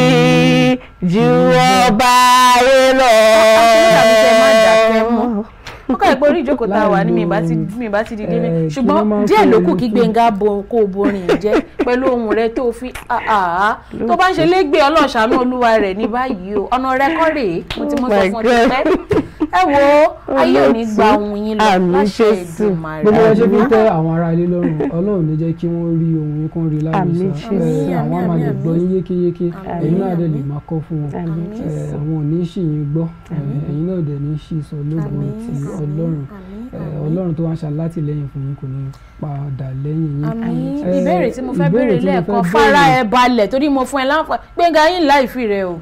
jù ọba ayé lọ ó kà orí ìjókòó tá a wà ní mi ìbá ti di dé mi ṣùgbọ́n eh, díẹ̀ ló kí Gbénga bo kó o borin jẹ́ pẹ̀lú ohun rẹ tó fi ah, ah, ah. tó bá ń ṣe légbè ọlọ́run olúwa rẹ̀ ní báyìí o ọ̀nà rẹ mo ti mọ oh sọ fún ti pẹ́ ẹ wo ayé ò gba ohun yín lọ láṣẹ ìdùnmọ̀ rẹ. gbogbo ọjọ́ bí tẹ́ àwọn ará ilé lọ́rùn ọlọ́run ní jẹ́ kí wọ́n rí ohun yín kún rí láwùjọ àwọn máa lè gbọ́ yín yékéyéké ẹ̀yin náà dẹ̀ lè máa kọ́ fún wọn àwọn ò ní ṣì yín gbọ́ ẹ̀yin náà dẹ̀ ní ṣì sọ lóògùn ti ọlọ́run ọlọ́run tó wá ń ṣàlátìlẹ́yìn fún yín kò ní padà lẹ́yìn yín. àmín ìbéèrè tí mo fẹ́ béèrè lẹ́ẹ̀kan fara ẹ balẹ̀ torí mo fún ẹ láǹfààní gbẹ̀ngà yín láìfi rẹ o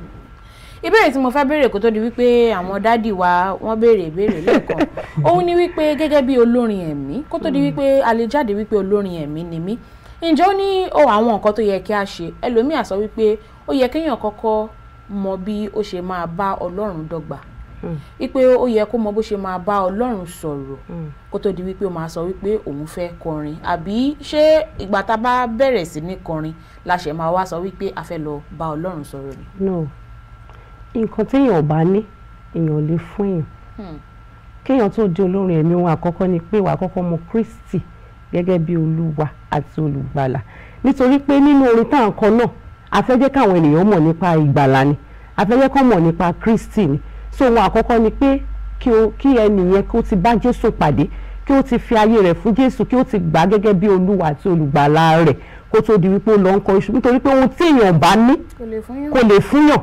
ìbéèrè tí mo fẹ́ béèrè kó tó di wípé àwọn dádì wa wọ́n béèrè ìbéèrè lẹ́ẹ̀kan òun ni wípé gẹ́gẹ́ bí olórin ẹ̀mí kó tó di hmm. wípé a lè jáde wípé olórin ẹ̀mí ni mí ǹjẹ́ ó ní àwọn nǹkan tó yẹ kí a ṣe ẹlòmíà sọ wípé ó yẹ kéèyàn kọ́kọ́ mọ bí ó ṣe máa bá ọlọ́run dọ́gba wípé ó yẹ kó mọ bó ṣe máa bá ọlọ́run sọ̀rọ̀ hmm. kó tó di wípé ó máa sọ wípé òun fẹ́ kọrin àbí ṣé ìgbà tá a bá bẹ̀rẹ̀ sí ní kọrin la ṣe máa wá sọ wípé a fẹ́ lọ bá ọlọ́run sọ̀rọ̀ ni. no nǹkan téèyàn ò bá ní èèyàn ò lè fún èèyàn hmm. kéèyàn tó di olórin ẹ̀mí ohun àkọ́kọ́ ni pé ìwà àkọ́kọ́ mọ Kristi gẹ́gẹ́ bí olúwa àti olùgbàlà nítorí pé nínú orin tá à ń náà a káwọn ènìyàn mọ̀ nípa ìgbàlà ni a fẹ́ mọ̀ nípa Kristi ni so ohun àkọ́kọ́ ni pé kí ẹnìyẹn kó ti bá Jésù pàdé kí ó ti fi ayé rẹ̀ fún Jésù kí ó ti gbà gẹ́gẹ́ bí olúwa àti olùgbàlà rẹ̀ kó tó di wípé ó lọ ń kọ iṣu nítorí pé ohun tí èèyàn bá ní kò lè fúnyàn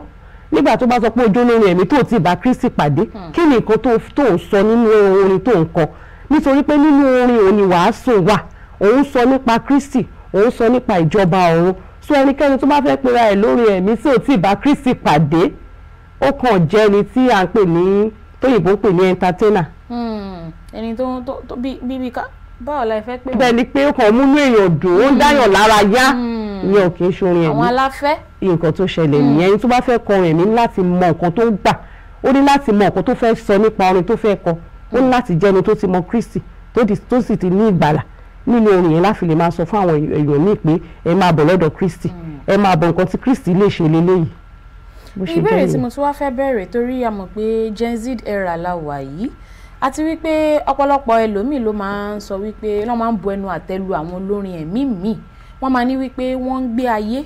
nígbà tó bá sọ pé ojú olórin ẹ̀mí tó ti bá Kristi pàdé hmm. kí ni nǹkan tó ń sọ nínú orin tó ń kọ nítorí pé nínú orin òní wàásù wà òun sọ nípa Kristi òun sọ nípa ìjọba ọ̀run so ẹnikẹ́ni tó bá fẹ́ pera ẹ̀ lórí ẹ̀mí tí ò tí bá Kristi pàdé ó kàn jẹ́ ẹni tí à ń pè ní tóyìnbó ń pè ní entertainer. Hmm, ẹni tó tó bí ká báwo la fẹ́ pé. bẹ́ẹ̀ ni pé ó kàn múnú èèyàn dùn ó ń dáyàn lára yá hmm, ìyẹn ò kì í ṣorin ẹ̀mí àwọn aláfẹ́. nǹkan tó ṣẹlẹ̀ hmm. nìyẹn ẹni tó bá fẹ́ kọrin ẹ̀mí láti mọ nǹkan tó ń gbà ó ní láti mọ nǹkan tó fẹ́ sọ nípa orin tó fẹ́ kọ ó ní láti jẹ́ ẹni tó ti mọ Kristi tó sì ti ní ìgbàlà nínú orin yẹn láfi lè máa sọ fún àwọn èèyàn míì pé ẹ máa bọ̀ lọ́dọ̀ Kristi ẹ máa bọ̀ nǹkan tí Kristi lè ṣe lélẹ́yìí bó ṣe jẹ́ ìbéèrè tí mo tún wá fẹ́ bẹ̀rẹ̀ torí a mọ̀ pé gen z era la wà yìí àti wípé ọ̀pọ̀lọpọ̀ ẹlòmíì ló máa ń sọ wípé wọ́n máa ń bu ẹnu àtẹ́ lu àwọn olórin ẹ̀mí míì wọ́n máa ní wípé wọ́n ń gbé ayé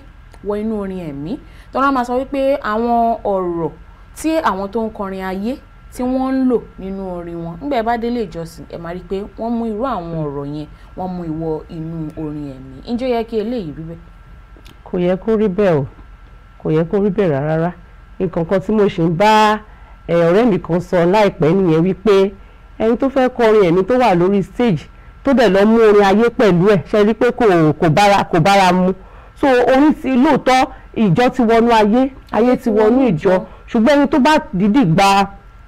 wọ inú orin ẹ̀mí tọ́lá máa sọ wípé àwọn ọ̀rọ̀ tí àwọn tó ń kọrin ayé tí wọ́n ń lò nínú orin wọn nígbà bá délé ìjọsìn ẹ̀ máa rí i pé wọ́n mú irú àwọn ọ̀rọ̀ yẹn wọ́n mú ìwọ inú orin ẹ̀mí ǹjẹ́ yẹ kí eléyìí rí bẹ́ẹ̀. kò yẹ kó rí bẹ́ẹ̀ o kò yẹ kó rí bẹ̀rẹ̀ rárá nǹkan kan tí mo ṣì ń bá eh, ọ̀rẹ́ mi kan sọ láìpẹ́ nìyẹn wípé ẹni tó fẹ́ kọrin ẹ̀mí tó wà lórí stage tó dẹ̀ lọ mú orin ayé pẹ̀lú ẹ̀ ṣe rí pé kò bára mu so orin ti lóòótọ́ ìjọ ti wọnú ayé ayé ti wọnú ìjọ ṣùgbọ́n ẹni tó bá dídì gba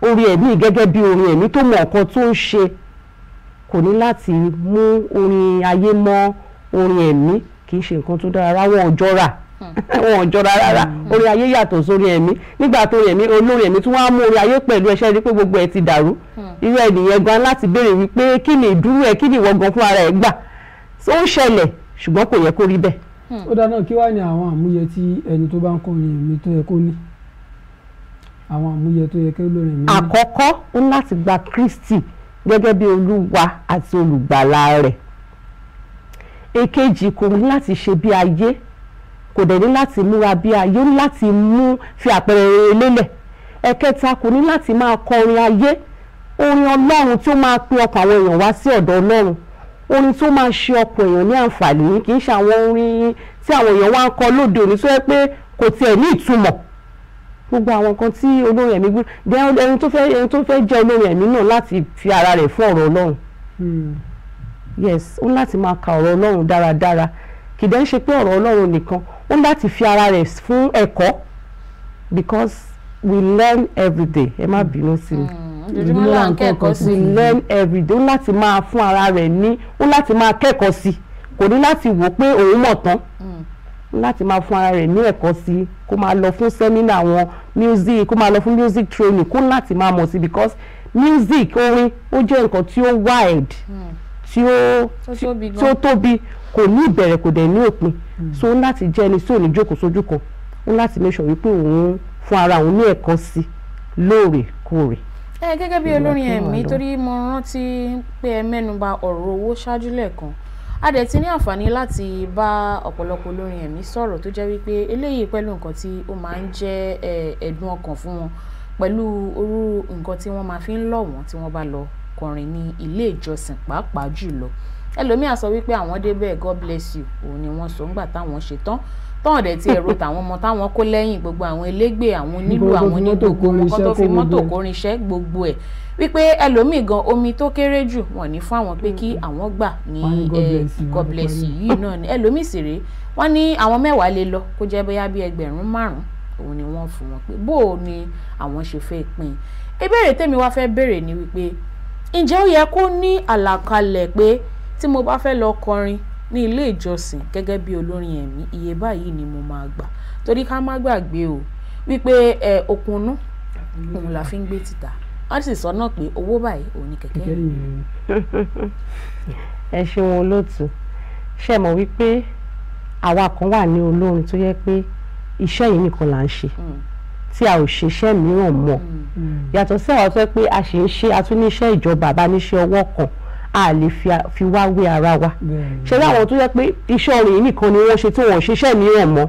orin ẹ̀mí gẹ́gẹ́ bí orin ẹ̀mí tó mọ ọ̀kan tó ń ṣe kò ní láti mú orin ayé mọ́ orin ẹ̀mí kì í ṣe nǹkan tó dára ráwọ́ ọjọ́ rà wọn ò jọra rárá hmm. orí ayé yàtọ̀ sórí ẹ̀mí nígbà tó ẹ̀mí olórí ẹ̀mí tí wọ́n á mú orí ayé pẹ̀lú ẹṣẹ́ rí pé gbogbo ẹ̀ ti dàrú hmm. irú ẹnìyẹn gan láti béèrè wípé kí ni ìdúró ẹ kí ni ìwọ gan fún ara ẹ gbà ó ń ṣẹlẹ̀ ṣùgbọ́n kò yẹ kó rí bẹ́ẹ̀. Hmm. ó dáná kí wàá ní àwọn àmúyẹ tí ẹni tó bá ń kọrin ẹ̀mí tó yẹ kó ní àwọn àmúyẹ tó yẹ kó lórí ẹ̀mí. àkọ́kọ́ ó ní kò dẹ̀ ní láti múra bí ayé ní láti mú fi àpẹẹrẹ rere lélẹ̀ ẹ̀kẹta kò ní láti máa kọ orin ayé orin ọlọ́run tó máa pín ọkàn àwọn èèyàn wá sí ọ̀dọ̀ ọlọ́run orin tó máa ṣe ọkàn èèyàn ní àǹfààní kì í ṣe àwọn orin tí àwọn èèyàn wá ń kọ lóde òní tó yẹ pé kò tiẹ̀ ní ìtumọ̀ gbogbo àwọn nǹkan tí olórin ẹ̀mí gbé ẹni tó fẹ́ ẹni tó fẹ́ jẹ́ olórin ẹ̀mí náà láti fi ara rẹ̀ fún ọ̀rọ̀ ọlọ́run hmm. yes ó láti máa ka ọ̀rọ̀ ọlọ́run dáradára kì í dẹ́ ṣe pé ọ̀rọ̀ ọlọ́run nìkan ó ń láti fi ara rẹ̀ fún ẹ̀kọ́ because we learn every day ẹ má bínú sí mi hmm, ojoojúmọ́ là ń kẹ́kọ̀ọ́ sí we learn every day ó ń láti máa fún ara rẹ̀ ní ó ń láti máa kẹ́kọ̀ọ́ sí kò ní láti wò pé òun mọ̀ tán hmm. láti máa fún ara rẹ̀ ní ẹ̀kọ́ sí kó máa lọ fún sẹ́mínà àwọn music kó máa lọ fún music training kó láti máa mọ̀ sí because music orin ó jẹ́ nǹkan tí ó wide hmm. tí ó tóbi kò ní ìbẹ̀rẹ̀ kò dẹ̀ ní òpin hmm. so ń láti jẹ́ ẹni tí ò ní jókòó sójú kan ń láti make sure wípé òun fún ara òun ní ẹ̀kan sí lóòrèkóòrè. ẹ gẹ́gẹ́ bí olórin ẹ̀mí torí mo rántí pé ẹ mẹ́nuba ọ̀rọ̀ owó ṣáájú lẹ́ẹ̀kan a dẹ̀ ti ní àǹfààní láti bá ọ̀pọ̀lọpọ̀ olórin ẹ̀mí sọ̀rọ̀ tó jẹ́ wípé eléyìí pẹ̀lú nǹkan tí ó máa ń jẹ́ ẹ̀dùn ọkàn fún wọn pẹ̀lú orú nǹkan tí wọ́n máa fi ń lọ̀ wọ́n tí wọ́n bá lọ kọrin ní ilé ìjọsìn pàápàá jùlọ ẹlòmíà sọ wípé àwọn débẹ̀ god bless you òun ni wọ́n sọ ńgbà táwọn ṣe tán tọ́hàn dẹ̀ ti ẹ̀rọ tàwọn ọmọ táwọn kó lẹ́yìn gbogbo àwọn elégbè àwọn onílù àwọn onídògbò kó tó fi mọ́tò kórinṣẹ́ gbogbo ẹ̀ wípé ẹlòmíì gan omi tó kéré jù wọ́n ní fún àwọn pé kí mm-hmm. àwọn gbà ní god bless you yìí náà ni ẹlòmíì sì rèé wọ́n ní àwọn mẹ́wàá lè lọ kó jẹ́ bóyá bí ẹgbẹ̀rún márùn-ún òun ni wọ́n fún wọn pé bó o ni àwọn ṣe fẹ́ pín in ìbéèrè tèmi wá fẹ́ béèrè ni wípé ǹjẹ́ ó yẹ kó ní àlàkalẹ̀ pé tí mo bá fẹ́ lọ kọrin ní ilé ìjọsìn gẹ́gẹ́ bí olórin ẹ̀mí iye báyìí ni mo máa gbà torí ká má gbàgbé o wípé ẹ òkunnú òun la fi ń gbé títà wọ́n sì sọ náà pé owó báyìí òun ni kẹ̀kẹ́ rẹ̀. ẹ ṣeun olóòtú ṣe mọ̀ wípé àwa kan wà ní olórin tó yẹ pé iṣẹ́ yìí nìkan là ń ṣe hmm. tí a ò ṣiṣẹ́ mìíràn mọ̀ hmm. Hmm. yàtọ̀ sí àwọn tó yẹ pé a ṣe ń ṣe a tún ní iṣẹ́ ìjọba àbáníṣe ọwọ́ kan. Mm a lè fi wá wé ara wa ṣe láwọn tó yẹ pé iṣẹ́ orin yìí nìkan ni wọ́n ṣe tí wọ́n ṣiṣẹ́ mìíràn mọ́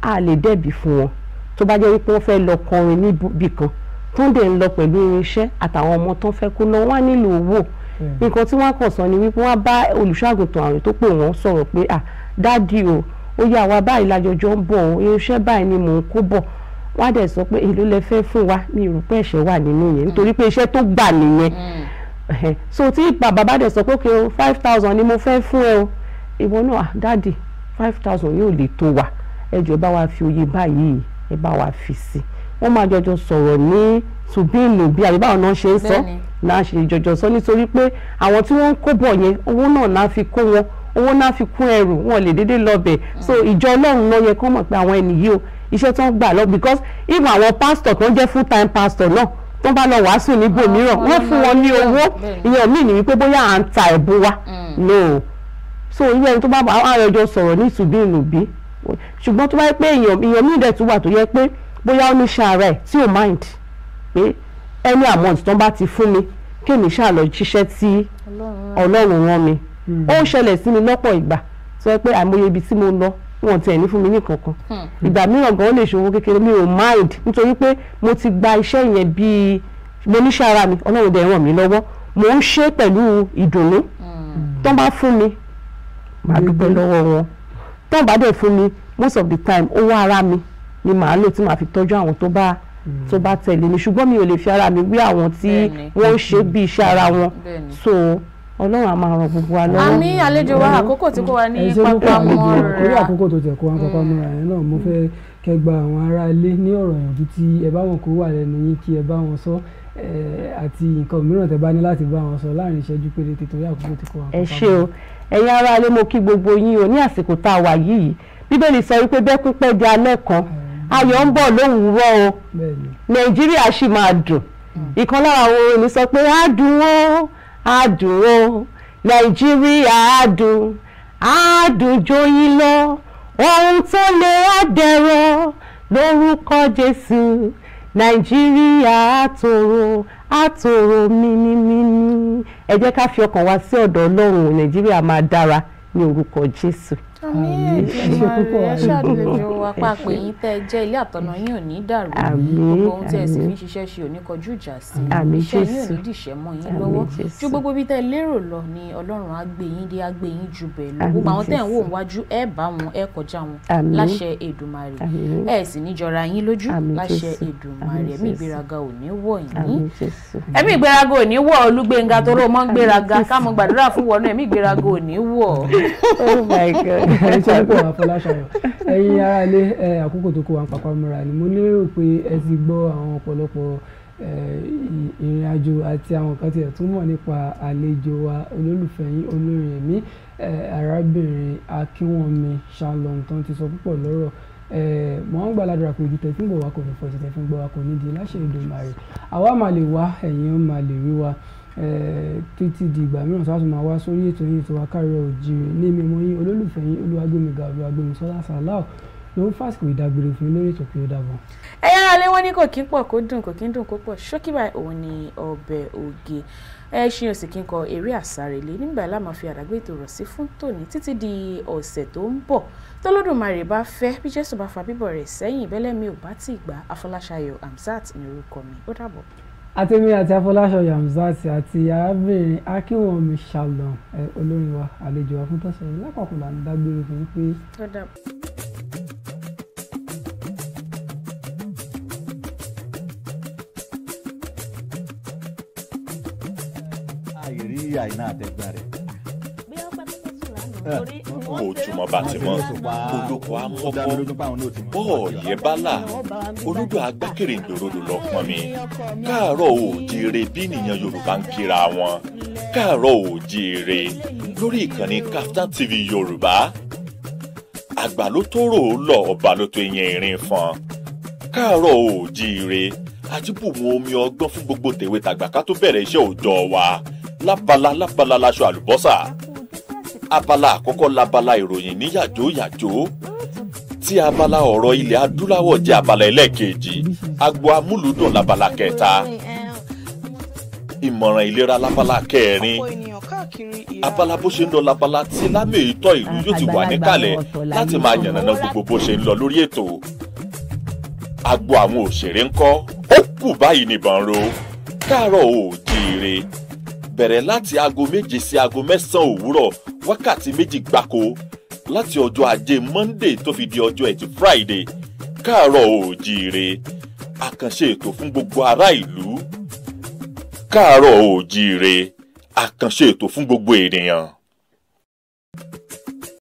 a lè dẹ́bi fún wọn tó bá jẹ́ wípé wọ́n fẹ́ lọ kọrin níbì kan tó ń dẹ̀ ń lọ pẹ̀lú irinṣẹ́ àtàwọn ọmọ tó ń fẹ́ kó lọ wọ́n á nílò owó nǹkan tí wọ́n kàn sọ ni wípé wọ́n á bá olùṣọ́àgùntàn àrùn tó pè wọ́n sọ̀rọ̀ pé à dádì o ó yá wa báyìí lájọjọ́ ń bọ̀ irinṣẹ́ báyìí ni mò ń kó bọ̀ wọ́n á dẹ̀ sọ pé èló lẹ fẹ́ fún wa mi ò rò pé ẹ̀ṣẹ̀ wà nínú yẹn nítorí pé iṣẹ́ tó gbà nìyẹn mm so tí bàbá dẹ̀ sọ pé kí o five thousand ni mo fẹ́ fún ẹ o ìwọ náà ah, dáàdì five thousand yóò lè tó wa ẹ jọ̀ọ́ bá wa fi oyè báyìí ẹ bá wa fi sí wọ́n máa jọjọ sọ̀rọ̀ ní tùbíìnù bí àbí báwọn náà ṣe ń sọ náà ṣe jọjọ sọ nítorí pé àwọn tí wọ́n ń kó bọ̀ yẹn owó náà náà fi kó wọn owó náà fi kún ẹrù wọn lè déédéé lọ́bẹ̀ so mm. ìjọ ọlọ́run ló yẹ kó mọ̀ pé àwọn ẹnìyí o iṣẹ́ tó ń gbà lọ because even àwọn pastor tó ń full time pastor náà no tó bá lọ wàásù níbòmíràn ah, wọ́n fún wọn ní owó ìyẹn mi ní wípé bóyá à ń ta ẹ̀bùn wa mm. no so irú ẹni tó bá àrẹjọ sọ̀rọ̀ ní ìtùbí ìnùbí ṣùgbọ́n tó bá yẹ pé èèyàn mi dẹ̀ tún wà tó yẹ pé bóyá ó ní ṣàárẹ̀ tí ò mind pé any amount tó bá ti fún mi kéèmí ṣàlọ́ ṣiṣẹ́ tí ọlọ́run rán mi mm. ó ṣẹlẹ̀ sí mi lọ́pọ̀ ìgbà tó yẹ pé àìmọye ibi tí mo lọ wọn tiẹ̀ ní fún mi ní kankan hmm. ìgbà mìíràn gan ó lè ṣòwò kékeré mi ò mind nítorí pé mo ti gba iṣẹ́ yẹn bíi mo níṣẹ́ ara mi ọlọ́run dẹ̀ ràn mí lọ́wọ́ mo ń ṣe pẹ̀lú ìdùnnú hmm. tó bá fún mi màá dúpẹ́ lọ́wọ́ wọn tó bá dẹ̀ fún mi most of the time owó ara mi ni màá lò tí màá fi tọ́jú àwọn tó bá hmm. tó bá tẹ̀lé mi ṣùgbọ́n mi ò lè fi ara mi wí àwọn tí wọ́n ń ṣe bí iṣẹ́ ara wọn so ọlọ́run á máa ràn gbogbo wa lọ́wọ́. àmì àlejò wa àkókò tí kò wá ní pápá mọ́ra. orí àkókò tó tẹ̀ kó wá pápá mọ́ra yẹn náà mo fẹ́ kẹ́ gba àwọn ará ilé ní ọ̀rọ̀ ìyànjú tí ẹ bá wọn kó wà lẹ́nu yín kí ẹ bá wọn sọ àti nǹkan mìíràn tẹ bá ní láti bá wọn sọ láàrin ìṣẹ́jú péréte torí àkókò tí kò wá pápá mọ́ra. ẹ ṣé o ẹ̀yin ará ilé mo kí gbogbo yín o ní àsìkò tá a wà yìí bíbélì sọ wípé bẹ́kún pẹ́ di alẹ́ kan ayọ̀ ń bọ̀ lówùúrọ̀ o nàìjíríà sì máa dùn ìkan lára àwọn orin sọ pé á dùn ó adùn o nàìjíríà adùn adùn joyin lọ ohun tó lè àdẹ̀rọ̀ lórúkọ jésù nàìjíríà àtòrò àtòrò mímímímí ẹ jẹ́ ká fi ọkàn wá sí ọ̀dọ̀ ọlọ́run nàìjíríà máa dára ní orúkọ jésù. àmì ẹ̀jẹ̀ rẹ̀ ẹ ṣàlejò apáàpẹ̀ yín tẹ́ ẹ jẹ́ ilé àtọ̀nà yín ò ní dàrú gbogbo ohun tí ẹ sì fi ń ṣiṣẹ́ ṣe ò ní kọjú ìjà sí i iṣẹ́ yín ò ní dìṣẹ́ mọ́ yín lọ́wọ́ ju gbogbo bí tẹ́ ẹ lérò lọ ni ọlọ́run á gbé yín dé á gbé yín jù bẹ́ẹ̀ lọ gbogbo àwọn tẹ́ ẹ̀ ń wò wájú ẹ bá wọn ẹ kọjá wọn láṣẹ Èdùmàrè ẹ sì ní jọra yín lójú láṣẹ Èdùmàrè ẹ̀mí ìgbéraga ò ní wọ̀ yín ẹ̀mí ìgbéraga ò ní wọ̀ Olúgbénga toró mọ́ ń Oh my God iṣẹ́ nípò àfọláṣayọ̀ ẹ̀yin ará ilé àkókò tó kó wa pàpà mọ́ra ni mo lérò pé ẹ ti gbọ́ àwọn ọ̀pọ̀lọpọ̀ ìrìn àjò àti àwọn kan tiẹ̀ tún mọ̀ nípa àlejò wa olólùfẹ́ yín olórin ẹ̀mí arábìnrin akínwọ̀nmi Shalom tó ń ti sọ púpọ̀ lọ́rọ̀ mọ̀ ń gbàládùra pé ojú tẹ̀síńgbọ̀ wa kò ní fọ́ ti tẹ̀síńgbọ̀ wa kò ní di láṣẹ Èdùmàrè àwa máa lè wá ẹ̀yin máa lè rí wa títí di ìgbà mìíràn sáà tún máa wá sórí ètò yìí tó wá káàárọ̀ oòjíire ní mímú yín olólùfẹ́ yín olúwagbémiga olúwagbémisọ́lá sàláù ló ń fásitì ìdágbére fún lórí ètò pé ó dàbọ̀. ẹ yára lé wọn ní kò kí ń pọ̀ kó dùn kò kí ń dùn kó pọ̀ ṣókí báyìí òun ni ọbẹ̀ oge ẹ ṣe òsì kí n kọ eré àsárelé nígbà yẹn la máa fi àdágbé ètò rọ̀ sí fún tòní títí di ọ̀sẹ̀ tó ń bọ̀ tọ́lọ́dúnmarè bá fẹ́ bí jésù bá fa bíbọ̀ rẹ̀ sẹ́yìn bẹ́lẹ́mi ò bá tì gbà afọláṣayọ̀ amzat ní orúkọ mi ó dàbọ̀ àtẹ̀mí àti afọláṣọ yamzati àti arábìnrin akínwọ̀nmi shalom olórin wa àlejò wa fún tọ́sán yìí lápapọ̀ là ń dágbére fún pé. àìrí àìná àtẹ̀gbà rẹ̀ ojúmọ́ bá ti mọ́ olóko amọ́kọ́ bọ́ọ̀yẹ́ bálà olódò agbákèrèǹdòrodò lọ pọn mi káàárọ̀ oòjíire bí nìyẹn yorùbá ń kíra wọn káàárọ̀ oòjíire lórí ìkànnì Kaftan TV yorùbá àgbà ló tó rò ó lọ ọba ló tó yẹn ìrìn fọn káàárọ̀ oòjíire àti bùnmù omi ọgbọ́n fún gbogbo tèwe tàgbà ká tó bẹ̀rẹ̀ iṣẹ́ òòjọ́ wa lábala lábala láṣọ àlùbọ́sà abala àkọ́kọ́ labala ìròyìn ní yàjóyàjó tí abala ọ̀rọ̀ ilẹ̀ adúláwọ̀ jẹ́ abala ẹlẹ́ẹ̀kejì agbo amúlùdùn labala kẹta ìmọ̀ràn ìlera labala kẹrin abala bó ṣe ń lọ labala tí lámì ìtọ́ ìlú yóò ti wà níkàlẹ̀ láti máa yànnàná gbogbo bó ṣe ń lọ lórí ètò agbo àwọn òṣèré ńkọ́ ó kù báyìí nìbọn ro káàárọ̀ oòjíire bẹ̀rẹ̀ láti aago méje sí aago mẹ́sàn-án òwúrọ̀ wákàtí méjì gbáko láti ọjọ́ ajé monday tó fi di ọjọ́ ẹtì friday káàárọ̀ oòjíire àkànṣe ètò fún gbogbo ará ìlú káàárọ̀ oòjíire àkànṣe ètò fún gbogbo ènìyàn.